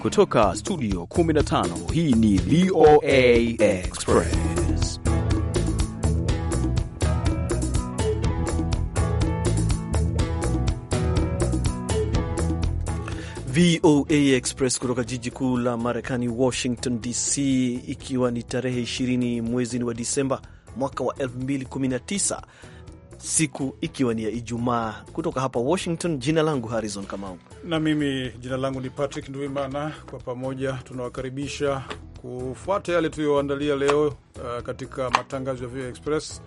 Kutoka studio 15 hii ni VOA Express. VOA Express kutoka jiji kuu la Marekani, Washington DC, ikiwa ni tarehe 20 mwezi wa Disemba mwaka wa 2019 siku ikiwa ni ya Ijumaa. Kutoka hapa Washington, jina langu Harrison Kamau. Na mimi jina langu ni Patrick Nduimana. Kwa pamoja tunawakaribisha kufuata yale tuliyoandalia leo uh, katika matangazo ya VOA Express.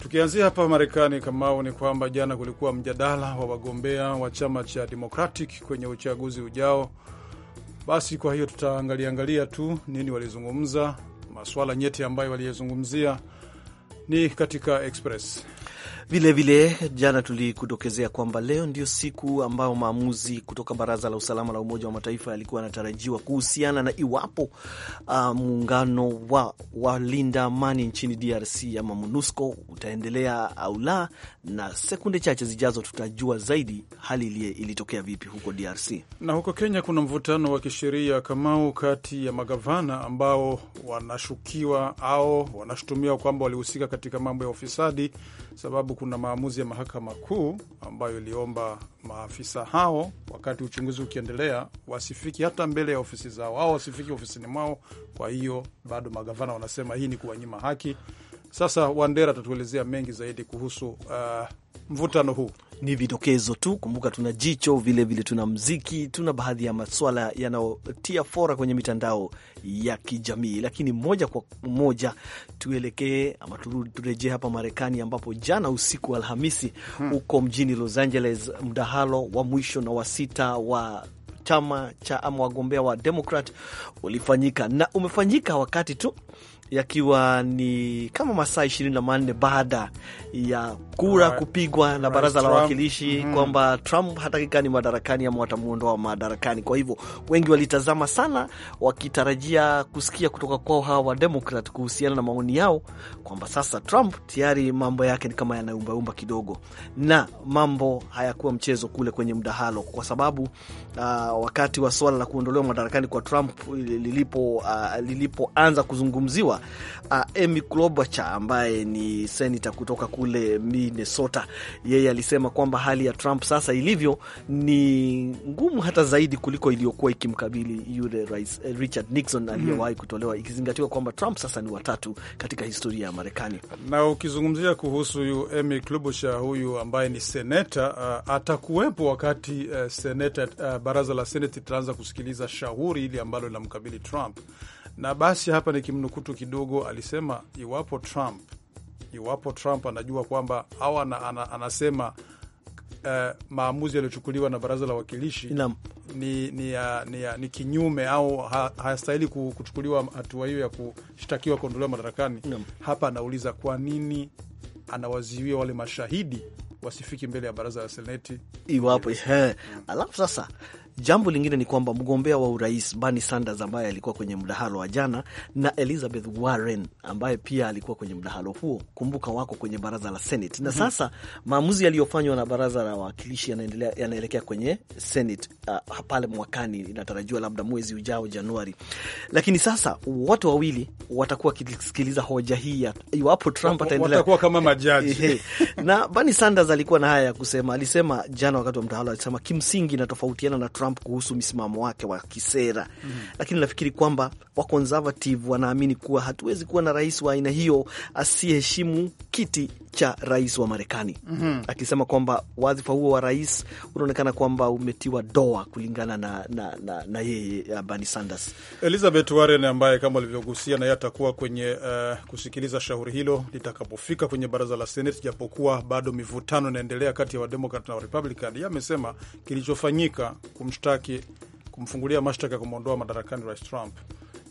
Tukianzia hapa Marekani, Kamau, ni kwamba jana kulikuwa mjadala wa wagombea wa chama cha Democratic kwenye uchaguzi ujao. Basi kwa hiyo tutaangaliangalia tu nini walizungumza, masuala nyeti ambayo waliyezungumzia ni katika Express. Vilevile jana tulikutokezea kwamba leo ndio siku ambayo maamuzi kutoka Baraza la Usalama la Umoja wa Mataifa yalikuwa yanatarajiwa kuhusiana na iwapo uh, muungano wa walinda amani nchini DRC ama MONUSCO utaendelea au la, na sekunde chache zijazo tutajua zaidi hali ilie ilitokea vipi huko DRC. Na huko Kenya kuna mvutano wa kisheria Kamau, kati ya magavana ambao wanashukiwa au wanashutumiwa kwamba walihusika katika mambo ya ufisadi sababu kuna maamuzi ya mahakama kuu ambayo iliomba maafisa hao, wakati uchunguzi ukiendelea, wasifiki hata mbele ya ofisi zao au wasifiki ofisini mwao. Kwa hiyo bado magavana wanasema hii ni kuwanyima haki sasa Wandera atatuelezea mengi zaidi kuhusu uh, mvutano huu. Ni vidokezo tu, kumbuka tuna jicho vilevile, vile tuna mziki, tuna baadhi ya maswala yanayotia fora kwenye mitandao ya kijamii. Lakini moja kwa moja tuelekee ama turejee hapa Marekani, ambapo jana usiku wa Alhamisi hmm. huko hmm, mjini Los Angeles, mdahalo wa mwisho na wa sita wa chama cha ama wagombea wa Demokrat ulifanyika na umefanyika wakati tu yakiwa ni kama masaa ishirini na manne baada ya kura right, kupigwa na baraza right, la wawakilishi mm, kwamba Trump hatakikani madarakani ama watamuondoa madarakani. Kwa hivyo wengi walitazama sana, wakitarajia kusikia kutoka kwao hawa Wademokrat kuhusiana na maoni yao kwamba sasa Trump tayari mambo yake ni kama yanaumbaumba kidogo, na mambo hayakuwa mchezo kule kwenye mdahalo, kwa sababu uh, wakati wa suala la kuondolewa madarakani kwa Trump lilipoanza uh, lilipoanza kuzungumziwa uh, Amy Klobuchar ambaye ni senata kutoka kule Minnesota, yeye alisema kwamba hali ya Trump sasa ilivyo ni ngumu hata zaidi kuliko iliyokuwa ikimkabili yule rais eh, Richard Nixon mhm. aliyewahi kutolewa, ikizingatiwa kwamba Trump sasa ni watatu katika historia ya Marekani. Na ukizungumzia kuhusu yu Amy Klobuchar huyu ambaye ni seneta uh, atakuwepo wakati uh, seneta uh, baraza la Seneti litaanza kusikiliza shauri hili ambalo linamkabili Trump, na basi hapa ni kimnukutu kidogo, alisema iwapo Trump iwapo Trump anajua kwamba au anasema uh, maamuzi yaliyochukuliwa na baraza la wakilishi ni, ni, uh, ni, uh, ni kinyume au ha, kuchukuliwa hatua hiyo ya kushtakiwa kuondolewa madarakani. Hapa anauliza kwa nini anawaziwia wale mashahidi wasifiki mbele ya baraza la seneti iwapo. Mm. Alafu sasa Jambo lingine ni kwamba mgombea wa urais Bernie Sanders ambaye alikuwa kwenye mdahalo wa jana na Elizabeth Warren ambaye pia alikuwa kwenye mdahalo huo, kumbuka wako kwenye baraza la Senate na mhm. sasa maamuzi yaliyofanywa na baraza la wawakilishi yanaelekea kwenye Senate uh, pale mwakani inatarajiwa labda mwezi ujao Januari. Lakini sasa wote wawili watakuwa wakisikiliza hoja hii ya iwapo Trump ataendelea watakuwa kama majaji na Bernie Sanders alikuwa na haya ya kusema, alisema jana wakati wa mdahalo, alisema kimsingi inatofautiana na Trump Trump kuhusu msimamo wake wa kisera mm -hmm. Lakini nafikiri kwamba wa conservative wanaamini kuwa hatuwezi kuwa na rais wa aina hiyo asiyeheshimu kiti cha rais wa Marekani mm -hmm. akisema kwamba wadhifa huo wa rais unaonekana kwamba umetiwa doa kulingana na, na, na, na yeye Bernie Sanders. Elizabeth Warren ambaye kama alivyogusia naye atakuwa kwenye uh, kusikiliza shauri hilo litakapofika kwenye baraza la Senate, japokuwa bado mivutano inaendelea kati ya Wademokrat na Warepublican. Ye amesema kilichofanyika kumshtaki, kumfungulia mashtaka, kumwondoa madarakani rais Trump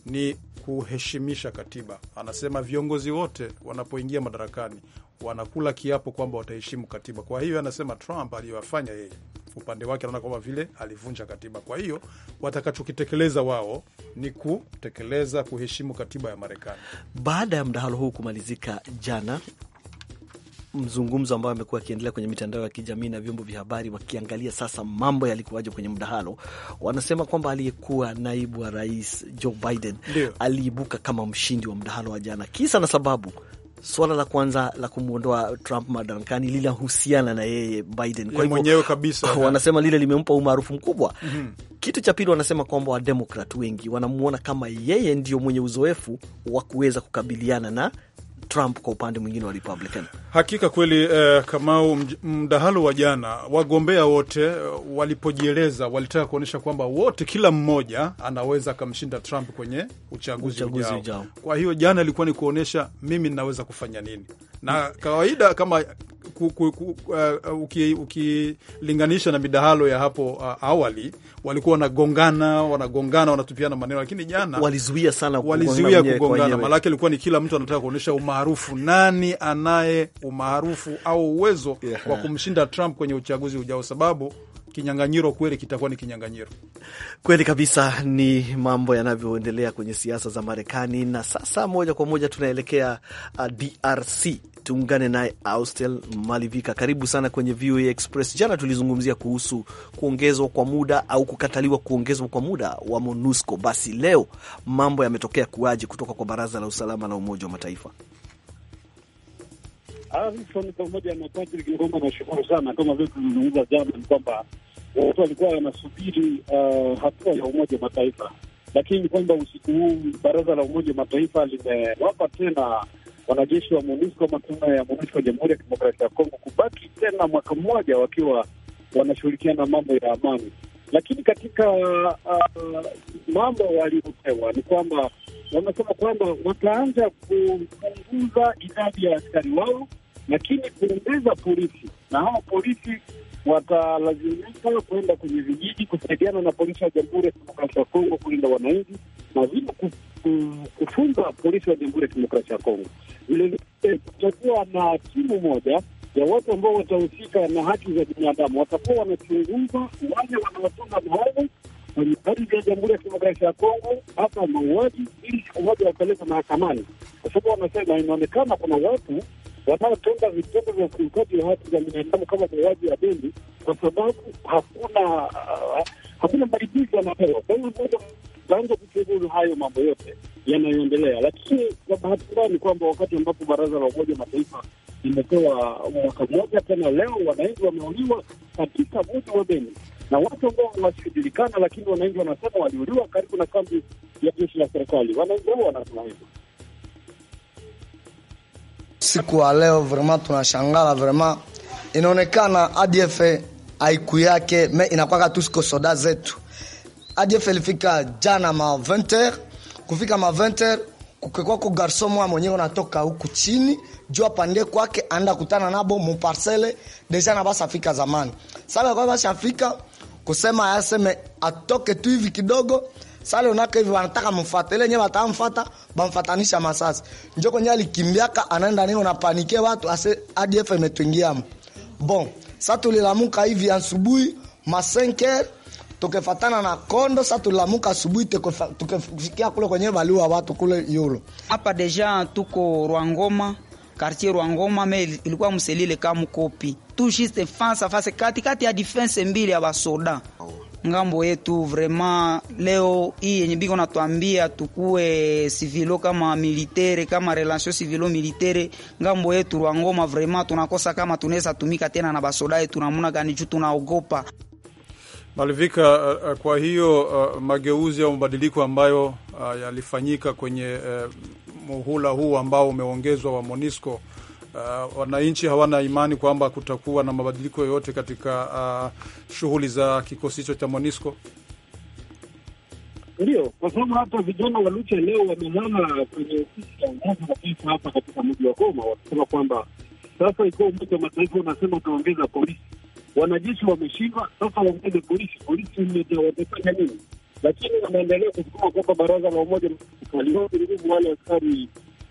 ni kuheshimisha katiba. Anasema viongozi wote wanapoingia madarakani wanakula kiapo kwamba wataheshimu katiba. Kwa hiyo anasema Trump aliyoyafanya yeye upande wake anaona kwamba vile alivunja katiba. Kwa hiyo watakachokitekeleza wao ni kutekeleza kuheshimu katiba ya Marekani. Baada ya mdahalo huu kumalizika jana, mzungumzo ambayo amekuwa akiendelea kwenye mitandao ya kijamii na vyombo vya habari wakiangalia sasa mambo yalikuwaje kwenye mdahalo, wanasema kwamba aliyekuwa naibu wa rais Joe Biden aliibuka kama mshindi wa mdahalo wa jana, kisa na sababu Swala la kwanza la kumwondoa Trump madarakani linahusiana na yeye Biden, kwa hivyo kabisa wanasema lile limempa umaarufu mkubwa. mm -hmm. Kitu cha pili wanasema kwamba wademokrat wengi wanamwona kama yeye ndio mwenye uzoefu wa kuweza kukabiliana na Trump kwa upande mwingine wa Republican. Hakika kweli eh, Kamau, mdahalo wa jana, wagombea wote eh, walipojieleza walitaka kuonyesha kwamba wote, kila mmoja anaweza akamshinda Trump kwenye uchaguzi, uchaguzi ujao. Kwa hiyo jana ilikuwa ni kuonyesha mimi ninaweza kufanya nini, na kawaida kama Uh, uh, ukilinganisha na midahalo ya hapo uh, awali, walikuwa wanagongana wanagongana wanatupiana maneno, lakini jana walizuia sana walizuia kugongana, maanake ilikuwa ni kila mtu anataka kuonyesha umaarufu, nani anaye umaarufu au uwezo yeah, wa kumshinda Trump kwenye uchaguzi ujao, sababu kinyang'anyiro kweli kitakuwa ni kinyang'anyiro kweli kabisa. Ni mambo yanavyoendelea kwenye siasa za Marekani. Na sasa moja kwa moja tunaelekea uh, DRC tuungane naye Austel Malivika, karibu sana kwenye VOA Express. Jana tulizungumzia kuhusu kuongezwa kwa muda au kukataliwa kuongezwa kwa muda wa MONUSCO. Basi leo mambo yametokea kuwaje kutoka kwa Baraza la Usalama la Umoja wa Mataifa? Arison pamoja na Patrick Ngoma, nashukuru sana. Kama vile tulizungumza jana, ni kwamba watu walikuwa wanasubiri uh, hatua ya Umoja wa Mataifa, lakini kwamba usiku huu Baraza la Umoja wa Mataifa limewapa tena wanajeshi wa MONUSCO ama tume ya MONUSCO Jamhuri ya Kidemokrasia ya Kongo kubaki tena mwaka mmoja wakiwa wanashughulikiana mambo ya amani. Lakini katika uh, mambo waliopewa ni kwamba wamesema kwamba wataanza kupunguza idadi ya askari wao, lakini kuongeza polisi, na hao polisi watalazimika kwenda kwenye vijiji kusaidiana na polisi wa Jamhuri ya Kidemokrasia ya Kongo kulinda wananchi lazima kufunga polisi wa Jamhuri ya Kidemokrasia ya Kongo. Vilevile eh, kutakuwa na timu moja ya watu ambao watahusika na haki za binadamu, watakuwa wanachunguza wale wanaotenda maovu kwenye ardhi ya Jamhuri ya Kidemokrasia ya Kongo, hata mauaji, ili siku moja wapelekwe mahakamani, kwa sababu wanasema inaonekana kuna watu wanaotenda vitendo vya ukiukaji wa haki za binadamu kama mauaji ya Beni, kwa sababu hakuna uh, hakuna malipizi yanapewa Kwa hiyo moja tutaanza kuchunguza hayo mambo yote yanayoendelea, lakini kwa bahati mbaya ni kwamba wakati ambapo baraza la Umoja Mataifa limepewa mwaka mmoja tena, leo wananchi wameuliwa katika mji wa Beni na watu ambao wasiojulikana, lakini wananchi wanasema waliuliwa karibu na kambi ya jeshi la serikali. Wananchi hao wanasema hivyo. Siku ya leo vrema tunashangala vrema, inaonekana ADF haiku yake me inakwaka siko soda zetu ADF ilifika jana ma 20h, kufika ma 20h kukekwako garso mwa mwenyewe natoka huku chini juu apande kwake anda kutana nabo mu parcele deja na basa fika zamani. Sasa kwa basa fika kusema aseme atoke tu hivi kidogo sale unaka hivi wanataka mfuate nyewe watamfuata bamfatanisha masasi njoo kwenye alikimbiaka anaenda nini unapanike watu ase ADF imetuingia bon sasa tulilamuka hivi asubuhi ma tukefatana na kondo sa tulamuka asubuhi tukefikia kule kwenye baliwa watu kule yulo hapa deja tuko Rwangoma quartier Rwangoma me ilikuwa mselile kama kopi tu juste face face kati kati ya defense mbili ya basoda ngambo yetu vraiment leo hii yenye biko natuambia tukue sivilo kama militere kama relation sivilo militere ngambo yetu Rwangoma, vraiment tunakosa kama tunaweza tumika tena na basoda yetu namuna gani juu tunaogopa Malivika, eh, eh, kwa hiyo eh, mageuzi au mabadiliko ambayo yalifanyika kwenye muhula huu ambao umeongezwa wa MONUSCO, wananchi hawana imani kwamba kutakuwa na mabadiliko yoyote katika shughuli za kikosi hicho cha MONUSCO? Ndio, kwa sababu hata vijana wa Lucha leo wamelala kwenye ofisi ya Umoja Mataifa hapa katika mji wa Goma wakisema kwamba sasa ikiwa Umoja wa Mataifa unasema utaongeza polisi wanajeshi wameshindwa, sasa waongeze polisi. Polisi imewatefanya nini? Lakini wanaendelea kusukuma kwamba baraza la umoja waliwape nguvu wale askari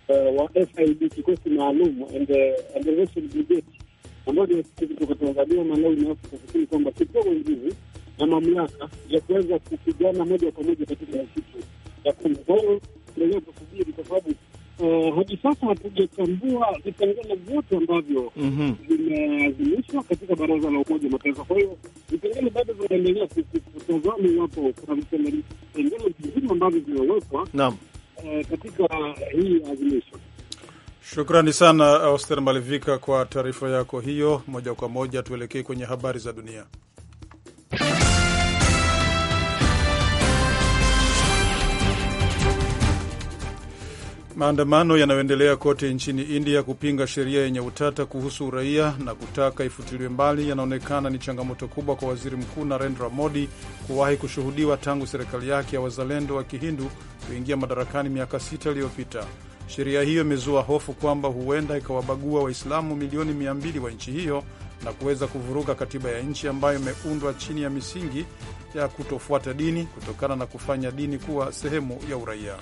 eh, wa FIB, kikosi maalum eh, ambao ni wasikizi kutoka Tanzania, na na Afrika kufikiri kwamba kipewe nguvu na mamlaka ya kuweza kupigana moja kwa moja katika msitu ya Kongo. Kwa hiyo endelea kusubiri kwa sababu Uh, hadi sasa hatujatambua vipengele vyote ambavyo mhm. vimeazimishwa katika baraza la Umoja wa Mataifa. Kwa hiyo vipengele bado vinaendelea kutazama iwapo kuna vipengele vingine ambavyo vimewekwa eh, katika hii azimisho. Shukrani sana Auster eh, Malivika kwa taarifa yako hiyo. Moja kwa moja tuelekee kwenye habari za dunia. Maandamano yanayoendelea kote nchini India kupinga sheria yenye utata kuhusu uraia na kutaka ifutiliwe mbali yanaonekana ni changamoto kubwa kwa waziri mkuu Narendra Modi kuwahi kushuhudiwa tangu serikali yake ya wazalendo wa kihindu kuingia madarakani miaka sita iliyopita. Sheria hiyo imezua hofu kwamba huenda ikawabagua Waislamu milioni mia mbili wa nchi hiyo na kuweza kuvuruga katiba ya nchi ambayo imeundwa chini ya misingi ya kutofuata dini kutokana na kufanya dini kuwa sehemu ya uraia.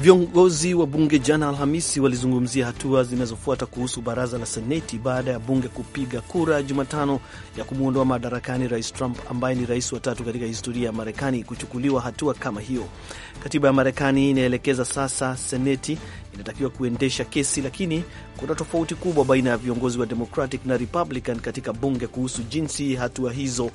Viongozi wa bunge jana Alhamisi walizungumzia hatua zinazofuata kuhusu baraza la Seneti baada ya bunge kupiga kura Jumatano ya kumwondoa madarakani Rais Trump ambaye ni rais wa tatu katika historia ya Marekani kuchukuliwa hatua kama hiyo. Katiba ya Marekani inaelekeza sasa Seneti inatakiwa kuendesha kesi, lakini kuna tofauti kubwa baina ya viongozi wa Democratic na Republican katika bunge kuhusu jinsi hatua hizo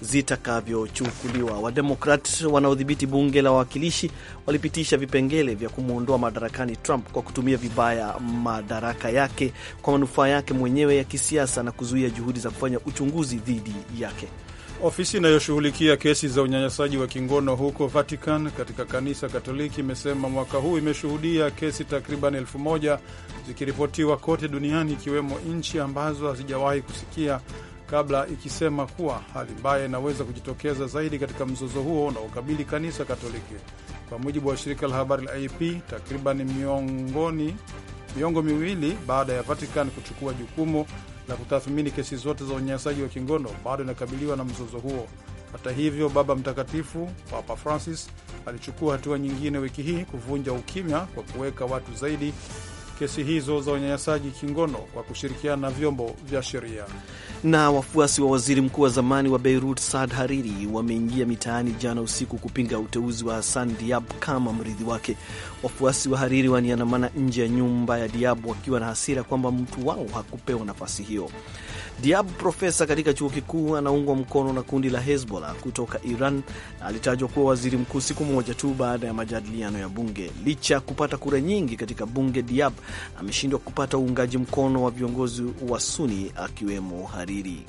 zitakavyochukuliwa. Wademokrat wanaodhibiti bunge la wawakilishi walipitisha vipengele vya kumwondoa madarakani Trump kwa kutumia vibaya madaraka yake kwa manufaa yake mwenyewe ya kisiasa na kuzuia juhudi za kufanya uchunguzi dhidi yake. Ofisi inayoshughulikia kesi za unyanyasaji wa kingono huko Vatican katika kanisa Katoliki imesema mwaka huu imeshuhudia kesi takriban elfu moja zikiripotiwa kote duniani ikiwemo nchi ambazo hazijawahi kusikia kabla, ikisema kuwa hali mbaya inaweza kujitokeza zaidi katika mzozo huo unaokabili kanisa Katoliki. Kwa mujibu wa shirika la habari la AP, takriban miongoni miongo miwili baada ya Vatican kuchukua jukumu na kutathmini kesi zote za unyanyasaji wa kingono bado inakabiliwa na mzozo huo. Hata hivyo, Baba Mtakatifu Papa Francis alichukua hatua nyingine wiki hii kuvunja ukimya kwa kuweka watu zaidi kesi hizo za unyanyasaji kingono kwa kushirikiana na vyombo vya sheria. Na wafuasi wa waziri mkuu wa zamani wa Beirut Saad Hariri wameingia mitaani jana usiku kupinga uteuzi wa Hassan Diab kama mrithi wake. Wafuasi wa Hariri waniandamana nje ya nyumba ya Diab wakiwa na hasira kwamba mtu wao hakupewa nafasi hiyo. Diab, profesa katika chuo kikuu, anaungwa mkono na kundi la Hezbollah kutoka Iran na alitajwa kuwa waziri mkuu siku moja tu baada ya majadiliano ya bunge. Licha ya kupata kura nyingi katika bunge, Diab ameshindwa kupata uungaji mkono wa viongozi wa Suni akiwemo Hariri. Hariri.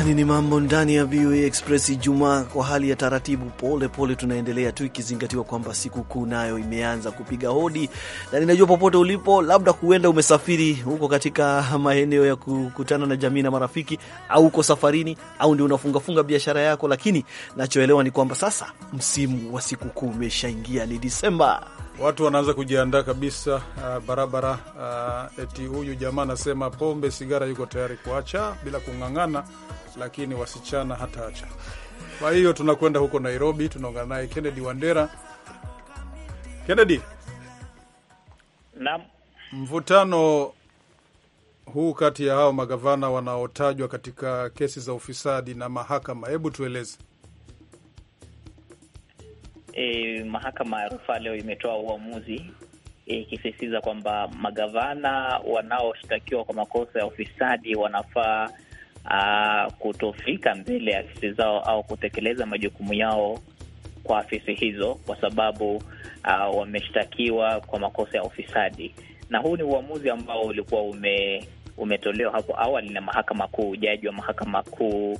ndani ni mambo ndani ya VOA Express Ijumaa kwa hali ya taratibu, pole pole tunaendelea tu, ikizingatiwa kwamba sikukuu nayo imeanza kupiga hodi, na ninajua popote ulipo, labda huenda umesafiri huko katika maeneo ya kukutana na jamii na marafiki, au uko safarini, au ndio unafungafunga biashara yako, lakini nachoelewa ni kwamba sasa msimu wa sikukuu umeshaingia, ni Disemba watu wanaanza kujiandaa kabisa uh, barabara uh, eti huyu jamaa anasema pombe, sigara yuko tayari kuacha bila kung'ang'ana, lakini wasichana hata acha. Kwa hiyo tunakwenda huko Nairobi, tunaongana naye Kennedy Wandera. Kennedy, naam, mvutano huu kati ya hao magavana wanaotajwa katika kesi za ufisadi na mahakama, hebu tueleze eh, mahakama ya rufaa leo imetoa uamuzi e, ikisisitiza eh, kwamba magavana wanaoshtakiwa kwa makosa ya ufisadi wanafaa uh, kutofika mbele ya afisi zao au kutekeleza majukumu yao kwa afisi hizo kwa sababu uh, wameshtakiwa kwa makosa ya ufisadi. Na huu ni uamuzi ambao ulikuwa ume, umetolewa hapo awali na mahakama kuu, jaji wa mahakama kuu uh,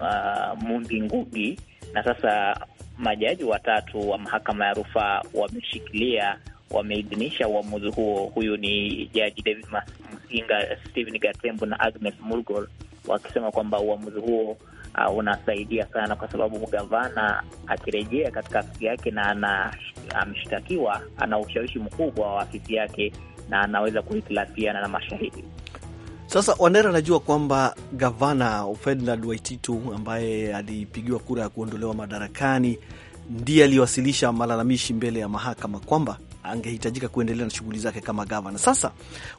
uh, Mumbi Ngugi, na sasa majaji watatu wa mahakama ya rufaa wameshikilia, wameidhinisha uamuzi huo. Huyu ni jaji David Msinga, Stephen gatembo na Agnes Mulgol, wakisema kwamba uamuzi huo uh, unasaidia sana, kwa sababu gavana akirejea katika afisi yake na ameshtakiwa, ana ushawishi mkubwa wa afisi yake na anaweza kuhitilafiana na mashahidi. Sasa Wandera anajua kwamba gavana Ferdinand Waititu ambaye alipigiwa kura ya kuondolewa madarakani ndiye aliyewasilisha malalamishi mbele ya mahakama kwamba angehitajika kuendelea na shughuli zake kama gavana. Sasa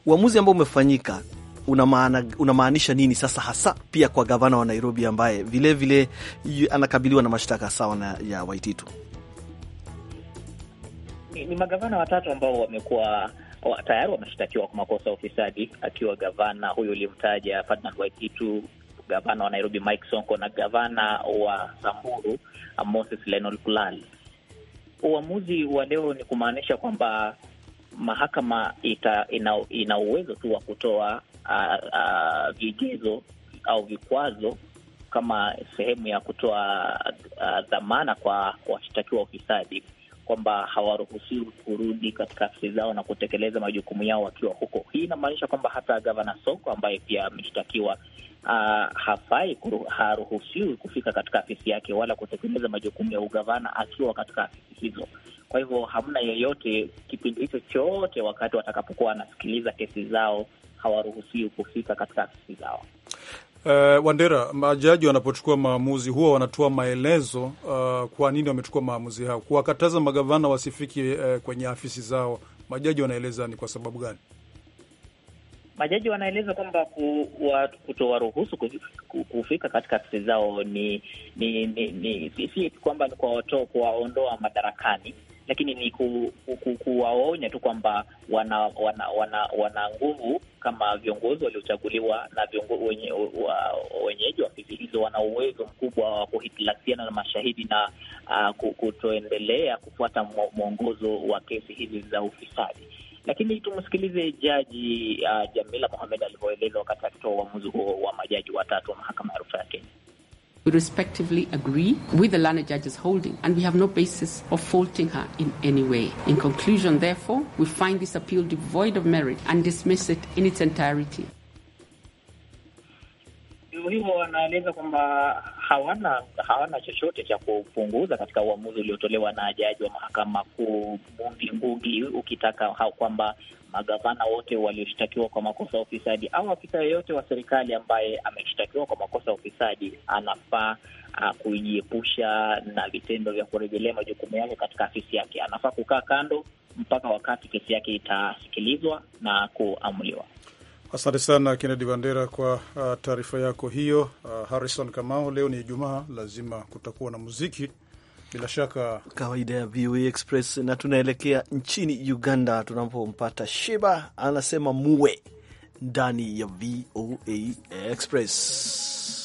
uamuzi ambao umefanyika unamaanisha nini sasa hasa pia kwa gavana wa Nairobi ambaye vilevile vile anakabiliwa na mashtaka sawa na ya Waititu? Ni, ni magavana watatu ambao wamekuwa tayari wameshtakiwa kwa makosa ya ufisadi, akiwa gavana huyu ulimtaja Ferdinand Waititu, gavana wa Nairobi Mike Sonko na gavana wa Samburu Moses Lenol Kulal. Uamuzi wa leo ni kumaanisha kwamba mahakama ita, ina, ina uwezo tu wa kutoa vigezo au vikwazo kama sehemu ya kutoa dhamana kwa washtakiwa wa ufisadi kwamba hawaruhusiwi kurudi katika afisi zao na kutekeleza majukumu yao wakiwa huko. Hii inamaanisha kwamba hata gavana Soko ambaye pia ameshtakiwa uh, ah, hafai haruhusiwi kufika katika afisi yake wala kutekeleza majukumu ya ugavana akiwa katika afisi hizo. Kwa hivyo hamna yeyote kipindi hicho chote, wakati watakapokuwa wanasikiliza kesi zao hawaruhusiwi kufika katika afisi zao. Uh, Wandera, majaji wanapochukua maamuzi huwa wanatoa maelezo uh, kwa nini wamechukua maamuzi hayo. Kuwakataza magavana wasifiki uh, eh, kwenye afisi zao, majaji wanaeleza ni kwa sababu gani? Majaji wanaeleza kwamba kutowaruhusu kufika katika afisi zao ni, ni, ni, ni si kwamba ni kuwaondoa madarakani lakini ni ku, ku, ku, kuwaonya tu kwamba wana wana wana, wana nguvu kama viongozi waliochaguliwa na wenyeji wa ofisi hizo, wana uwezo mkubwa wa kuhitilafiana na mashahidi na uh, kutoendelea kufuata mwongozo wa kesi hizi za ufisadi. Lakini tumsikilize Jaji uh, Jamila Mohamed alivyoeleza wakati akitoa uamuzi huo wa majaji watatu wa mahakama ya rufaa ya Kenya. we respectively agree with the learned judge's holding, and we have no basis of faulting her in any way. In conclusion, therefore, we find this appeal devoid of merit and dismiss it in its entirety. Hivyo wanaeleza kwamba hawana hawana chochote cha kupunguza katika uamuzi uliotolewa na jaji wa mahakama kuu Ngugi, ukitaka kwamba magavana wote walioshtakiwa kwa makosa ya ufisadi au afisa yeyote wa serikali ambaye ameshtakiwa kwa makosa ya ufisadi anafaa uh, kujiepusha na vitendo vya kurejelea majukumu yake katika afisi yake. Anafaa kukaa kando mpaka wakati kesi yake itasikilizwa na kuamuliwa. Asante sana Kennedy Wandera kwa uh, taarifa yako hiyo. Uh, Harrison Kamau, leo ni Ijumaa, lazima kutakuwa na muziki. Bila shaka kawaida ya VOA Express, na tunaelekea nchini Uganda tunapompata Sheba, anasema muwe ndani ya VOA Express.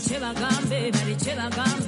bariche bagambe bariche bagambe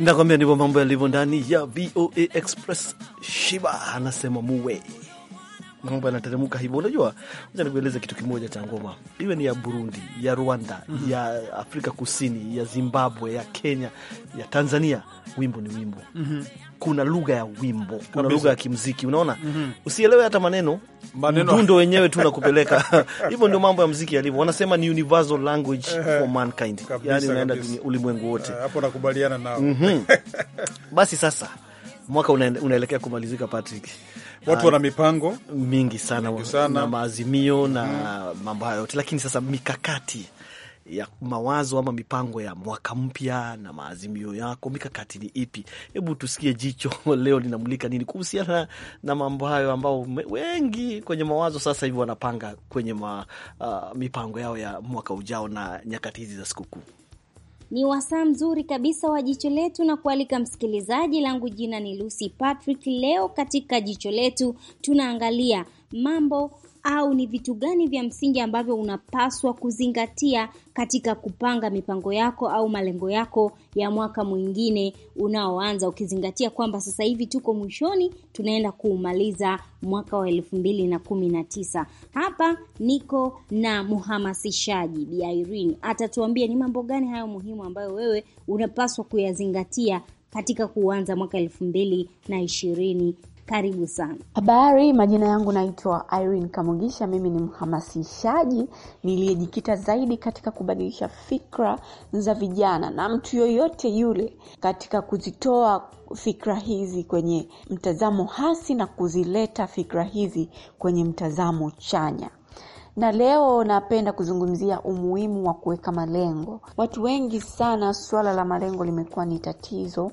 Nakwambia ndivyo mambo yalivyo ndani ya VOA Express. Shiba anasema muwe mambo yanateremka hivyo. Unajua, acha nikueleze kitu kimoja cha ngoma, iwe ni ya Burundi, ya Rwanda, mm -hmm. ya Afrika Kusini, ya Zimbabwe, ya Kenya, ya Tanzania, wimbo ni wimbo mm -hmm. Kuna lugha ya wimbo, kuna lugha ya kimziki, unaona mm -hmm. Usielewe hata maneno, mdundo wenyewe tu nakupeleka hivyo. Ndio mambo ya mziki yalivyo, wanasema ni universal language for mankind, yani unaenda ulimwengu wote. Hapo nakubaliana nao. Mhm. Basi sasa mwaka unaelekea kumalizika, Patrick. Watu wana mipango mingi sana, mingi sana, na maazimio mhm. na mambo hayo yote, lakini sasa mikakati ya mawazo ama mipango ya mwaka mpya na maazimio yako, mikakati ni ipi? Hebu tusikie jicho leo linamulika nini kuhusiana na mambo hayo, ambao wengi kwenye mawazo sasa hivi wanapanga kwenye ma, uh, mipango yao ya mwaka ujao na nyakati hizi za sikukuu. Ni wasaa mzuri kabisa wa jicho letu na kualika msikilizaji. Langu jina ni Lucy Patrick. Leo katika jicho letu tunaangalia mambo au ni vitu gani vya msingi ambavyo unapaswa kuzingatia katika kupanga mipango yako au malengo yako ya mwaka mwingine unaoanza, ukizingatia kwamba sasa hivi tuko mwishoni, tunaenda kuumaliza mwaka wa elfu mbili na kumi na tisa. Hapa niko na mhamasishaji Bi Irene, atatuambia ni mambo gani hayo muhimu ambayo wewe unapaswa kuyazingatia katika kuanza mwaka elfu mbili na ishirini karibu sana. Habari, majina yangu naitwa Irene Kamugisha. Mimi ni mhamasishaji niliyejikita zaidi katika kubadilisha fikra za vijana na mtu yoyote yule katika kuzitoa fikra hizi kwenye mtazamo hasi na kuzileta fikra hizi kwenye mtazamo chanya na leo napenda kuzungumzia umuhimu wa kuweka malengo. Watu wengi sana, suala la malengo limekuwa ni tatizo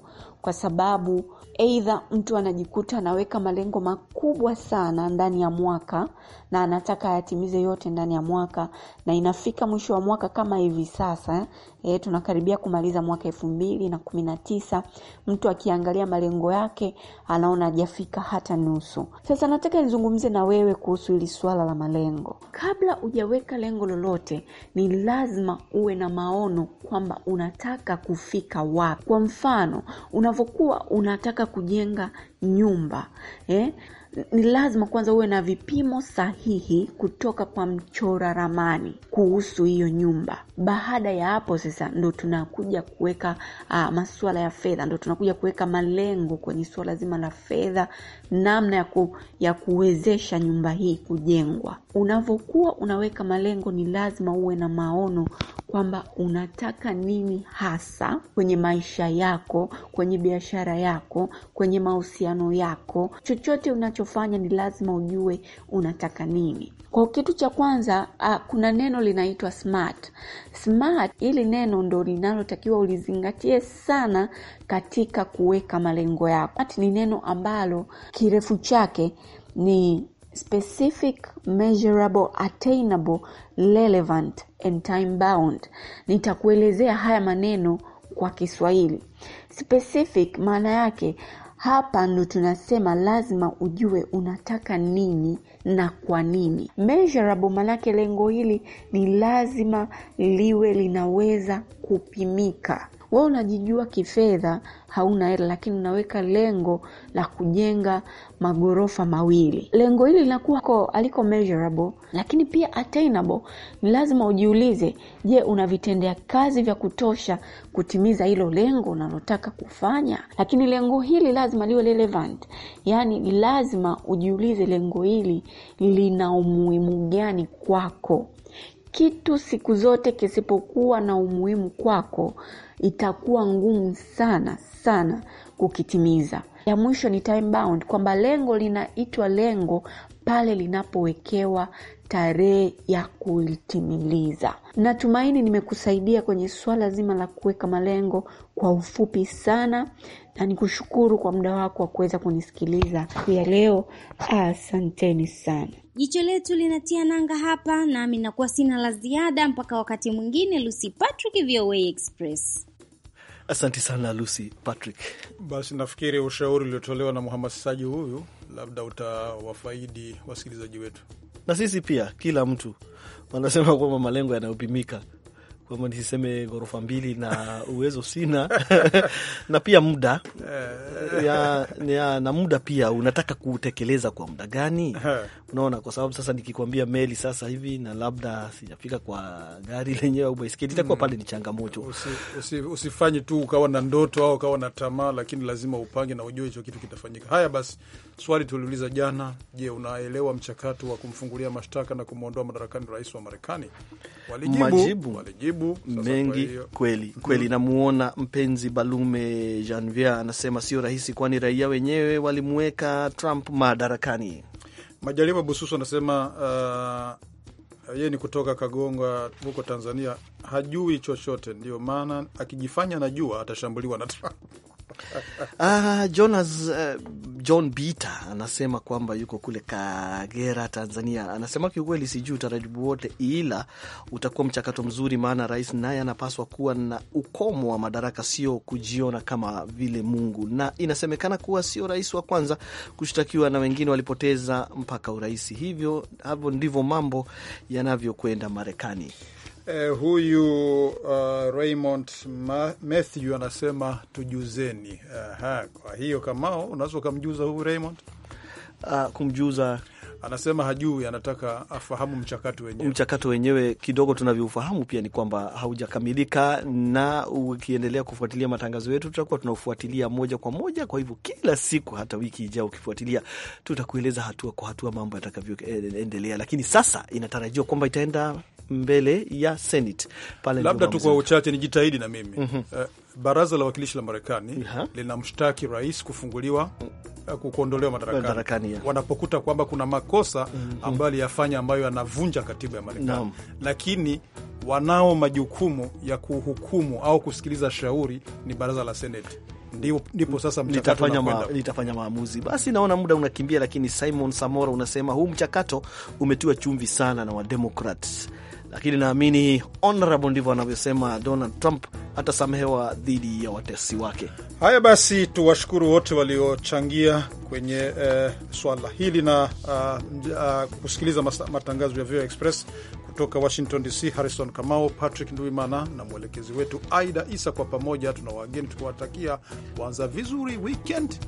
kwa sababu eidha mtu anajikuta anaweka malengo makubwa sana ndani ya mwaka na anataka ayatimize yote ndani ya mwaka na inafika mwisho wa mwaka kama hivi sasa eh, tunakaribia kumaliza mwaka elfu mbili na kumi na tisa mtu akiangalia malengo yake anaona ajafika hata nusu sasa nataka nizungumze na wewe kuhusu hili swala la malengo kabla ujaweka lengo lolote ni lazima uwe na maono kwamba unataka kufika wapi kwa mfano una unavyokuwa unataka kujenga nyumba eh? ni lazima kwanza uwe na vipimo sahihi kutoka kwa mchora ramani kuhusu hiyo nyumba. Baada ya hapo sasa ndo tunakuja kuweka uh, ah, masuala ya fedha, ndo tunakuja kuweka malengo kwenye suala zima la fedha, namna ya, ku, ya kuwezesha nyumba hii kujengwa. Unavyokuwa unaweka malengo, ni lazima uwe na maono kwamba unataka nini hasa kwenye maisha yako, kwenye biashara yako, kwenye mahusiano yako. Chochote unachofanya ni lazima ujue unataka nini. Kwa kitu cha kwanza, a, ah, kuna neno linaitwa smart. Smart, hili neno ndo linalotakiwa ulizingatie sana katika kuweka malengo yako. Smart ni neno ambalo kirefu chake ni specific measurable attainable relevant and time bound nitakuelezea haya maneno kwa kiswahili specific maana yake hapa ndo tunasema lazima ujue unataka nini na kwa nini measurable manake lengo hili ni lazima liwe linaweza kupimika wewe unajijua kifedha hauna hela lakini unaweka lengo la kujenga magorofa mawili lengo hili linakuwa aliko measurable lakini pia attainable ni lazima ujiulize je unavitendea kazi vya kutosha kutimiza hilo lengo unalotaka kufanya lakini lengo hili lazima liwe relevant yaani lazima ujiulize lengo hili lina umuhimu gani kwako kitu siku zote kisipokuwa na umuhimu kwako itakuwa ngumu sana sana kukitimiza ya mwisho ni time bound kwamba lengo linaitwa lengo pale linapowekewa tarehe ya kulitimiliza natumaini nimekusaidia kwenye swala zima la kuweka malengo kwa ufupi sana na nikushukuru kwa muda wako wa kuweza kunisikiliza ya leo asanteni sana Jicho letu linatia nanga hapa, nami nakuwa sina la ziada mpaka wakati mwingine. Lucy Patrick, VOA Express. Asante sana Lucy Patrick. Basi nafikiri ushauri uliotolewa na mhamasishaji huyu labda utawafaidi wasikilizaji wetu na sisi pia. Kila mtu wanasema kwamba malengo yanayopimika kwamba nisiseme ghorofa mbili na uwezo sina na pia muda eh. ya, ya, na muda pia unataka kutekeleza kwa muda gani? Eh. Unaona, kwa sababu sasa nikikwambia meli sasa hivi na labda sijafika kwa gari lenyewe au baiskeli, itakuwa hmm. pale ni changamoto. Usi, usi, usifanyi tu ukawa na ndoto au ukawa na tamaa, lakini lazima upange na ujue hicho kitu kitafanyika. Haya basi, swali tuliuliza jana, je, unaelewa mchakato wa kumfungulia mashtaka na kumwondoa madarakani rais wa Marekani? Walijibu, walijibu majibu sasa mengi kweli kweli. Mm. Namuona mpenzi Balume Janvier anasema sio rahisi, kwani raia wenyewe walimweka Trump madarakani. Majaliwa Bususu anasema uh, yeye ni kutoka Kagonga huko Tanzania, hajui chochote, ndio maana akijifanya najua atashambuliwa na Trump. Ah, Jonas uh, John Bita anasema kwamba yuko kule Kagera, Tanzania. Anasema kiukweli, sijui utaratibu wote, ila utakuwa mchakato mzuri, maana rais naye anapaswa kuwa na ukomo wa madaraka, sio kujiona kama vile Mungu. Na inasemekana kuwa sio rais wa kwanza kushtakiwa, na wengine walipoteza mpaka urais. Hivyo havyo ndivyo mambo yanavyokwenda Marekani. Eh, huyu uh, Raymond Matthew anasema tujuzeni. Aha, kwa hiyo Kamao, unaweza ukamjuza huyu Raymond uh, kumjuza anasema hajui, anataka afahamu mchakato wenyewe. Mchakato wenyewe kidogo tunavyoufahamu pia ni kwamba haujakamilika, na ukiendelea kufuatilia matangazo yetu tutakuwa tunaufuatilia moja kwa moja. Kwa hivyo kila siku, hata wiki ijao, ukifuatilia tutakueleza hatua kwa hatua mambo yatakavyoendelea, lakini sasa inatarajiwa kwamba itaenda mbele ya Senate pale. Labda tu kwa uchache nijitahidi na mimi mm -hmm. uh, baraza la wakilishi la Marekani linamshtaki rais kufunguliwa eh, kuondolewa madarakani wanapokuta kwamba kuna makosa mhm. ambayo aliyafanya ambayo yanavunja katiba ya Marekani no. Lakini wanao majukumu ya kuhukumu au kusikiliza shauri ni baraza la Seneti ndipo sasa litafanya, ma, litafanya maamuzi. Basi naona muda unakimbia, lakini Simon Samora unasema huu mchakato umetiwa chumvi sana na Wademokrat lakini naamini honorable, ndivyo anavyosema Donald Trump, atasamehewa dhidi ya watesi wake. Haya basi, tuwashukuru wote waliochangia kwenye eh, swala hili na uh, uh, kusikiliza matangazo ya VOA Express kutoka Washington DC. Harrison Kamau, Patrick Nduimana na mwelekezi wetu Aida Isa, kwa pamoja tuna wageni tukiwatakia kuanza vizuri weekend.